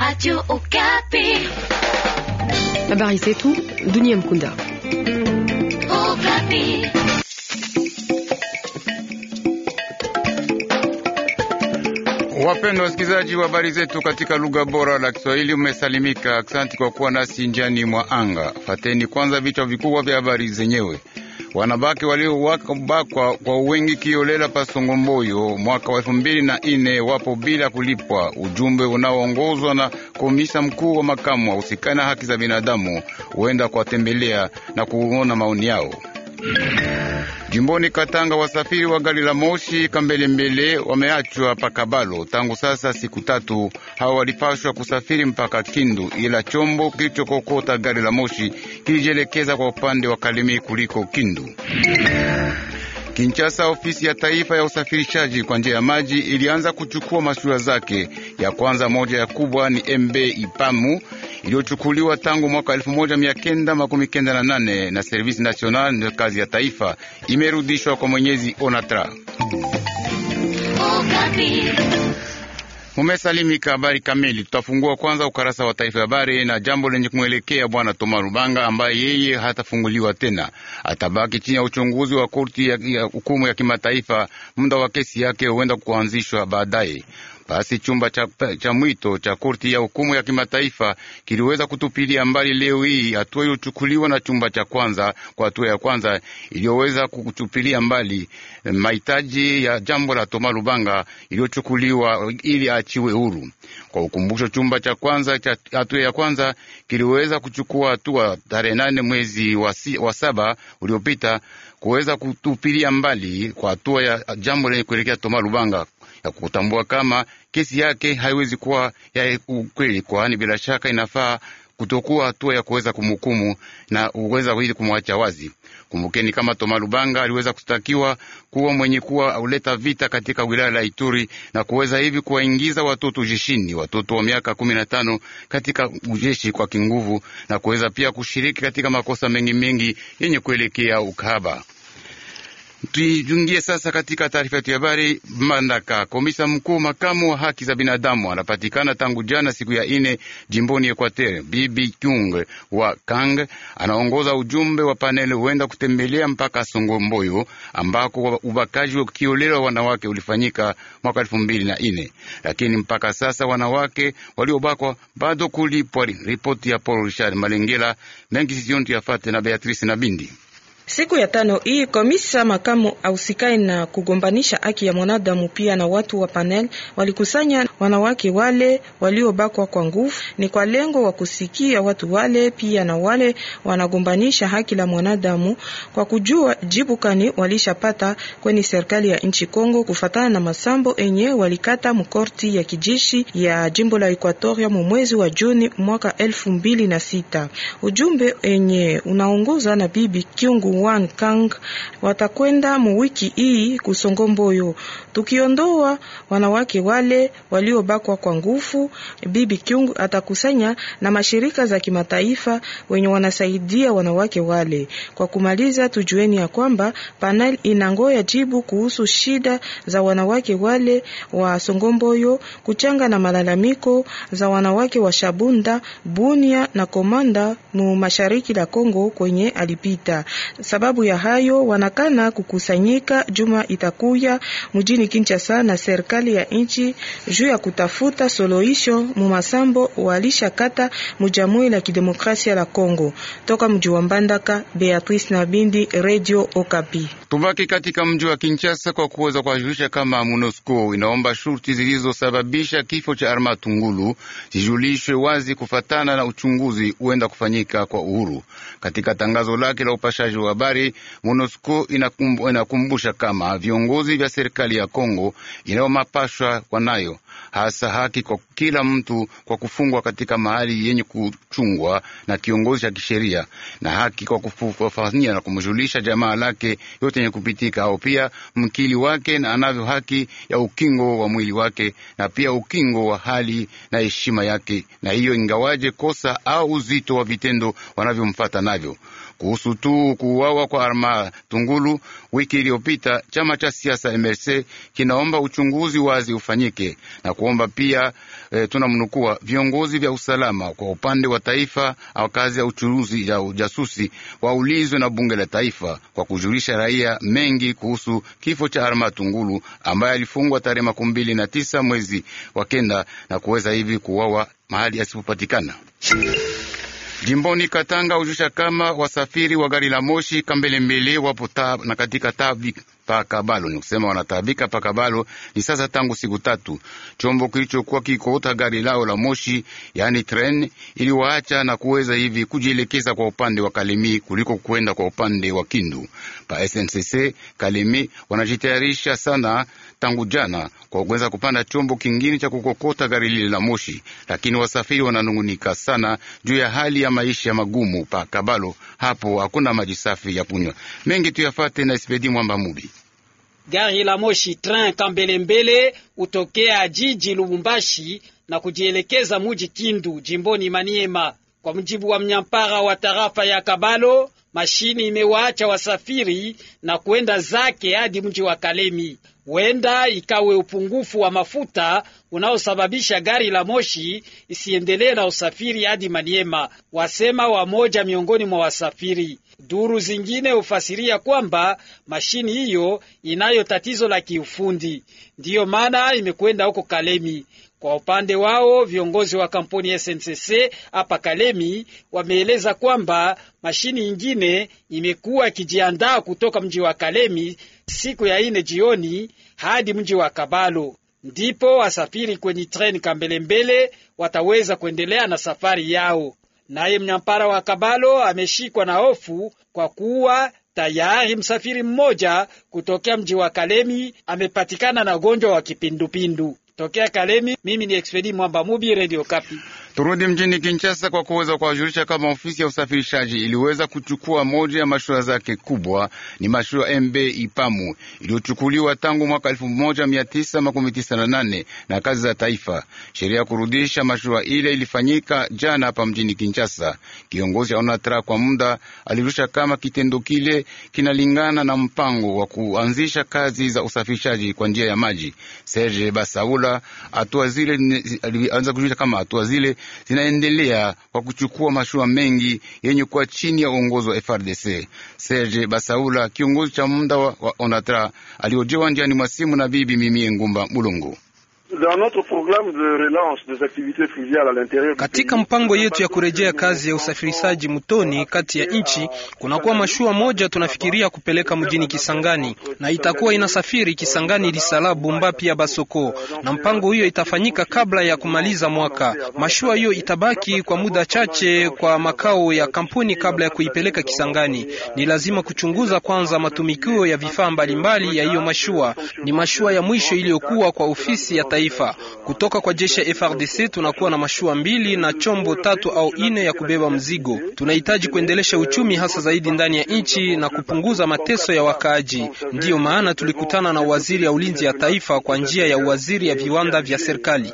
Radio Okapi. Habari zetu dunia mkunda. Okapi. Wapendwa wasikilizaji wa habari zetu katika lugha bora la Kiswahili, umesalimika. Asante kwa kuwa nasi njiani mwa anga. Fateni kwanza vichwa vikubwa vya habari zenyewe wanabake waliobakwa kwa wingi kiolela pa Songomboyo mwaka wa elfu mbili na ine wapo bila kulipwa. Ujumbe unaoongozwa na komisa mkuu wa makamu wa usikana haki za binadamu huenda kuwatembelea na kuona maoni yao. Jimboni Katanga, wasafiri wa gari la moshi Kambelembele wameachwa Pakabalo tangu sasa siku tatu. Hawa walipashwa kusafiri mpaka Kindu, ila chombo kilichokokota gari la moshi kilijielekeza kwa upande wa Kalemi kuliko Kindu. Kinshasa, ofisi ya taifa ya usafirishaji kwa njia ya maji ilianza kuchukua masuala zake. Ya kwanza moja ya kubwa ni MB Ipamu iliyochukuliwa tangu mwaka 1998 na, na Service National na kazi ya taifa imerudishwa kwa mwenyezi Onatra. Oh, Mumesalimika. Habari kamili, tutafungua kwanza ukarasa wa taifa habari na jambo lenye kumwelekea bwana Toma Rubanga ambaye yeye hatafunguliwa tena, atabaki chini ya uchunguzi wa korti ya hukumu ya, ya kimataifa. Muda wa kesi yake huenda kuanzishwa baadaye. Basi chumba cha, cha mwito cha korti ya hukumu ya kimataifa kiliweza kutupilia mbali leo hii hatua iliyochukuliwa na chumba cha kwanza kwa hatua ya kwanza iliyoweza kutupilia mbali eh, mahitaji ya jambo la Toma Lubanga iliyochukuliwa ili aachiwe huru. Kwa ukumbusho, chumba cha kwanza cha hatua ya kwanza kiliweza kuchukua hatua tarehe nane mwezi wa, si, wa saba uliopita kuweza kutupilia mbali kwa hatua ya jambo lenye kuelekea Toma Lubanga ya kutambua kama kesi yake haiwezi kuwa ya ukweli, kwani bila shaka inafaa kutokuwa hatua ya kuweza kumhukumu na uweza ili kumwacha wazi. Kumbukeni kama Toma Lubanga aliweza kustakiwa kuwa mwenye kuwa auleta vita katika wilaya la Ituri na kuweza hivi kuwaingiza watoto jeshini, watoto wa miaka kumi na tano katika ujeshi kwa kinguvu na kuweza pia kushiriki katika makosa mengi mengi yenye kuelekea ukahaba. Tuijungie sasa katika taarifa yetu ya habari. Mandaka, komisa mkuu makamu wa haki za binadamu, anapatikana tangu jana siku ya ine jimboni Equateur. Bibi Kyung wa Kang anaongoza ujumbe wa paneli huenda kutembelea mpaka Songomboyo ambako ubakaji wa kiolela wanawake ulifanyika mwaka elfu mbili na ine, lakini mpaka sasa wanawake waliobakwa bado kulipwa. Ripoti ya Paul Richard Malengela mengi sisiyontu yafate na Beatrice na Bindi Siku ya tano hii komisa makamu ausikae na kugombanisha haki ya mwanadamu pia na watu wa panel walikusanya wanawake wale waliobakwa kwa nguvu, ni kwa lengo wa kusikia watu wale pia na wale wanagombanisha haki la mwanadamu kwa kujua jibu kani walishapata kwenye serikali ya nchi Kongo kufatana na masambo enye walikata mkorti ya kijeshi ya jimbo la Equatoria mwezi wa Juni mwaka elfu mbili na sita. Ujumbe enye unaongoza na bibi Kiungu Wan Kang watakwenda muwiki hii kusongomboyo, tukiondoa wanawake wale waliobakwa kwa nguvu. Bibi Kyung atakusanya na mashirika za kimataifa wenye wanasaidia wanawake wale. Kwa kumaliza, tujueni ya kwamba panel inangoya jibu kuhusu shida za wanawake wale wa Songomboyo, kuchanga na malalamiko za wanawake wa Shabunda, Bunia na Komanda mu mashariki la Kongo kwenye alipita. Sababu ya hayo wanakana kukusanyika juma itakuya mjini Kinshasa na serikali ya nchi juu ya kutafuta soloisho mumasambo walishakata mujamui la kidemokrasia la Kongo. Toka mji wa Mbandaka, Beatrice Nabindi, Radio Okapi. Tubaki katika mji wa Kinshasa kwa kuweza kuwajulisha kama MONUSCO inaomba shurti zilizosababisha kifo cha Arma Tungulu zijulishwe wazi kufatana na uchunguzi huenda kufanyika kwa uhuru. Katika tangazo lake la upashaji wa habari, MONUSCO inakumbusha kama viongozi vya serikali ya Kongo inayomapashwa wanayo hasa haki kwa kila mtu kwa kufungwa katika mahali yenye kuchungwa na kiongozi cha kisheria na haki kwa kufanyia na kumjulisha jamaa lake yote yenye kupitika, au pia mkili wake na anavyo haki ya ukingo wa mwili wake na pia ukingo wa hali na heshima yake, na hiyo ingawaje kosa au uzito wa vitendo wanavyomfata navyo kuhusu tu kuuawa kwa Arma Tungulu wiki iliyopita, chama cha siasa MLC kinaomba uchunguzi wazi ufanyike na kuomba pia e, tunamnukua viongozi vya usalama kwa upande wa taifa au kazi ya uchuruzi ya ujasusi waulizwe na bunge la taifa kwa kujulisha raia mengi kuhusu kifo cha Arma Tungulu ambaye alifungwa tarehe makumi mbili na tisa mwezi wa kenda na kuweza hivi kuuawa mahali asipopatikana. Jimboni Katanga hujusha kama wasafiri wa gari la moshi Kambelembele wapo na katika tabi Pakabalo ni kusema wanataabika Pakabalo ni sasa tangu siku tatu. Chombo kilichokuwa kikota gari lao la moshi, yani tren, iliwaacha na kuweza hivi kujielekeza kwa upande wa Kalemi kuliko kwenda kwa upande wa Kindu. Pa SNCC Kalemi wanajitayarisha sana tangu jana kwa kuweza kupanda chombo kingine cha kukokota gari lile la moshi, lakini wasafiri wananungunika sana juu ya hali ya maisha magumu pa Kabalo. Hapo hakuna maji safi ya kunywa. Mengi tuyafate na Espedi Mwamba Mubi. Gari la moshi train Kambelembele hutokea jiji Lubumbashi na kujielekeza muji Kindu jimboni Maniema. Kwa mjibu wa mnyampara wa tarafa ya Kabalo, mashini imewaacha wasafiri na kwenda zake hadi mji wa Kalemi. Huenda ikawe upungufu wa mafuta unaosababisha gari la moshi isiendelee na usafiri hadi Maniema, wasema wamoja miongoni mwa wasafiri. Duru zingine hufasiria kwamba mashini hiyo inayo tatizo la kiufundi, ndiyo maana imekwenda huko Kalemi. Kwa upande wao viongozi wa kampuni ya SNCC hapa Kalemi wameeleza kwamba mashini ingine imekuwa ikijiandaa kutoka mji wa Kalemi siku ya ine jioni hadi mji wa Kabalo, ndipo wasafiri kwenye treni Kambelembele wataweza kuendelea na safari yao. Naye mnyampara wa Kabalo ameshikwa na hofu kwa kuwa tayari msafiri mmoja kutokea mji wa Kalemi amepatikana na ugonjwa wa kipindupindu. Tokea Kalemi, mimi ni Expedi Mwamba Mubi, Radio Kapi. Turudi mjini Kinshasa kwa kuweza kuwajulisha kama ofisi ya usafirishaji iliweza kuchukua moja ya mashua zake kubwa. Ni mashua MB Ipamu iliyochukuliwa tangu mwaka 1998 na kazi za taifa. Sheria ya kurudisha mashua ile ilifanyika jana hapa mjini Kinshasa. Kiongozi wa ONATRA kwa muda alirusha kama kitendo kile kinalingana na mpango wa kuanzisha kazi za usafirishaji kwa njia ya maji. Serge Basaula hatua zile alianza kujulisha kama hatua zile zinaendelea kwa kuchukua mashua mengi yenye kuwa chini ya uongozi wa FRDC. Serge Basaula, kiongozi cha muda wa ONATRA, aliojewa njiani mwa simu na bibi Mimie Ngumba Mulungu. Katika mpango yetu ya kurejea kazi ya usafirishaji mtoni kati ya nchi, kunakuwa mashua moja tunafikiria kupeleka mjini Kisangani na itakuwa inasafiri Kisangani, Lisala, Bumba pia Basoko, euh, na mpango hiyo euh, itafanyika kabla ya kumaliza mwaka. Mashua hiyo itabaki kwa muda chache kwa makao ya kampuni kabla ya kuipeleka Kisangani. Ni lazima kuchunguza kwanza matumikio ya vifaa mbalimbali ya hiyo mashua. Ni mashua ya mwisho iliyokuwa kwa euh, ofisi ya kimataifa. Kutoka kwa jeshi ya FRDC tunakuwa na mashua mbili na chombo tatu au ine ya kubeba mzigo. Tunahitaji kuendelesha uchumi hasa zaidi ndani ya nchi na kupunguza mateso ya wakaaji. Ndiyo maana tulikutana na waziri ya ulinzi ya taifa kwa njia ya waziri ya viwanda vya serikali.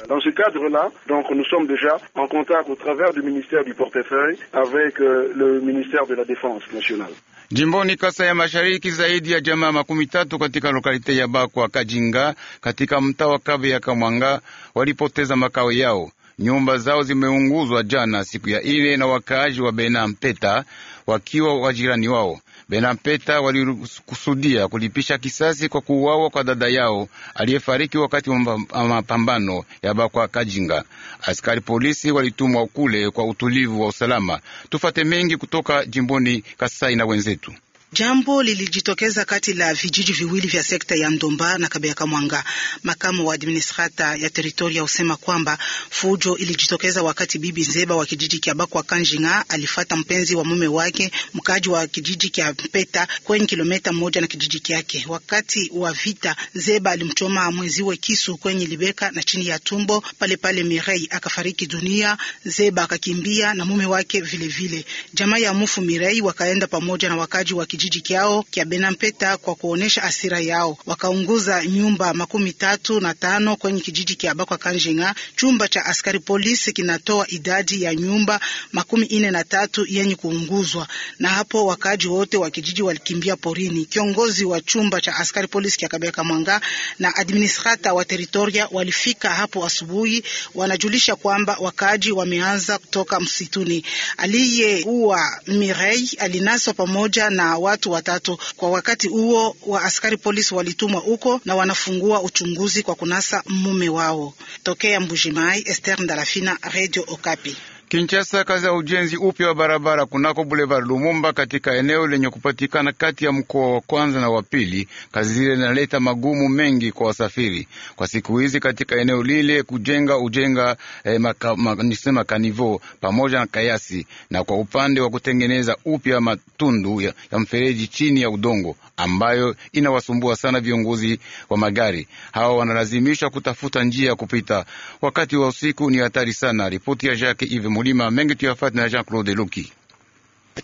Jimboni Kasa ya Mashariki, zaidi ya jamaa makumi tatu katika lokalite ya Bakwa Kajinga katika mtaa wa Kave ya Kamwanga walipoteza makao yao. Nyumba zao zimeunguzwa jana siku ya ine na wakaaji wa Bena Mpeta wakiwa wajirani wao. Benampeta walikusudia kulipisha kisasi kwa kuuawa kwa dada yao aliyefariki wakati wa mapambano ya Bakwa Kajinga. Askari polisi walitumwa kule kwa utulivu wa usalama. Tufate mengi kutoka jimboni Kasai na wenzetu Jambo lilijitokeza kati la vijiji viwili vya sekta ya Ndomba na Kabeaka Kamwanga. Makamu wa administrata ya teritoria husema kwamba fujo ilijitokeza wakati bibi Nzeba wa kijiji kya Bakwa Kanjinga alifata mpenzi wa mume wake mkaji wa kijiji kya Mpeta kwenye kilometa moja na kijiji kyake. Wakati wa vita, Zeba alimchoma mwenziwe kisu kwenye libeka na chini ya tumbo. Pale pale Mirei akafariki dunia, Zeba akakimbia na mume wake vilevile. Jamaa ya mufu Mirei wakaenda pamoja na wakaji wa kijiji kijiji kyao kya Benampeta kwa kuonesha asira yao. Wakaunguza nyumba makumi tatu na tano kwenye kijiji kya Bakwa Kanjinga. Chumba cha askari polisi kinatoa idadi ya nyumba makumi ine na tatu yenye kuunguzwa, na hapo wakaaji wote wa kijiji walikimbia porini. Kiongozi wa chumba cha askari polisi kya Kabeka Mwanga na administrata wa teritoria walifika hapo asubuhi, wanajulisha kwamba wakaaji wameanza kutoka msituni. Aliyeuwa Mirei alinaswa pamoja na wa watu watatu. Kwa wakati huo wa askari polisi walitumwa huko na wanafungua uchunguzi kwa kunasa mume wao. Tokea Mbujimai, Esther Ndalafina, Radio Okapi. Kinshasa, kazi ya ujenzi upya wa barabara kunako Boulevard Lumumba katika eneo lenye kupatikana kati ya mkoa wa kwanza na wa pili, kazi zile zinaleta magumu mengi kwa wasafiri kwa siku hizi katika eneo lile. Kujenga ujenga eh, maka, maka, nisema kanivo pamoja na kayasi, na kwa upande wa kutengeneza upya matundu ya, ya mfereji chini ya udongo ambayo inawasumbua sana viongozi wa magari. Hawa wanalazimishwa kutafuta njia ya kupita wakati wa usiku, ni hatari sana. Ripoti ya Jacques Yves mulima mengi tuyafate na Jean-Claude Loki.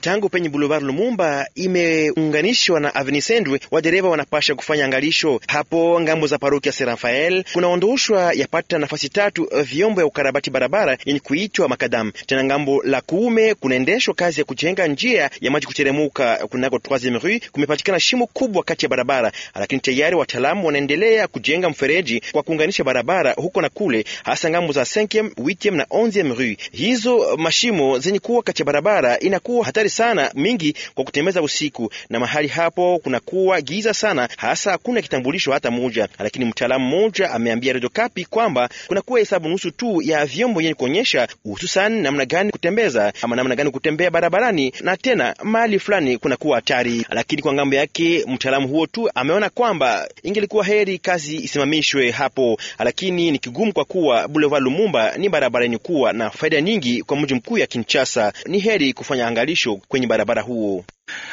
Tangu penye Boulevard Lumumba imeunganishwa na Avenue Sendwe, wadereva wanapasha kufanya angalisho hapo ngambo za parokia Saint Raphael. Kunaondoshwa yapata nafasi tatu eh, vyombo ya ukarabati barabara yenye kuitwa makadamu. Tena ngambo la kuume kunaendeshwa kazi ya kujenga njia ya maji kuteremuka kunako Troisieme Rue. Kumepatikana shimo kubwa kati ya barabara, lakini tayari wataalamu wanaendelea kujenga mfereji kwa kuunganisha barabara huko na kule, hasa ngambo za 5e, 8e na 11e Rue. Hizo mashimo zenye kuwa kati ya barabara inakuwa hatari sana mingi kwa kutembeza usiku, na mahali hapo kunakuwa giza sana, hasa hakuna kitambulisho hata moja. Lakini mtaalamu mmoja ameambia Radio Kapi kwamba kunakuwa hesabu nusu tu ya vyombo yenye kuonyesha hususan namna gani kutembeza ama namna gani kutembea barabarani, na tena mahali fulani kunakuwa hatari. Lakini kwa ngambo yake mtaalamu huo tu ameona kwamba ingelikuwa heri kazi isimamishwe hapo, lakini ni kigumu kwa kuwa Boulevard Lumumba ni barabara yenye kuwa na faida nyingi kwa mji mkuu ya Kinshasa. Ni heri kufanya angalisho kesho kwenye barabara huo.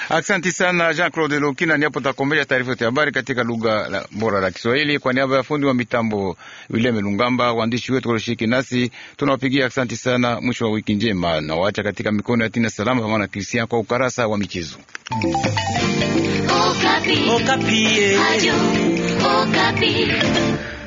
Asante sana Jean Claude Lokina, niapo takombesha taarifa yote habari katika lugha bora la Kiswahili kwa niaba ya fundi wa mitambo William Lungamba, waandishi wetu walioshiriki nasi tunawapigia asante sana. Mwisho wa wiki njema, na waacha katika mikono ya Tina Salama pamoja na Kristian kwa ukarasa wa michezo Okapi. Okapi.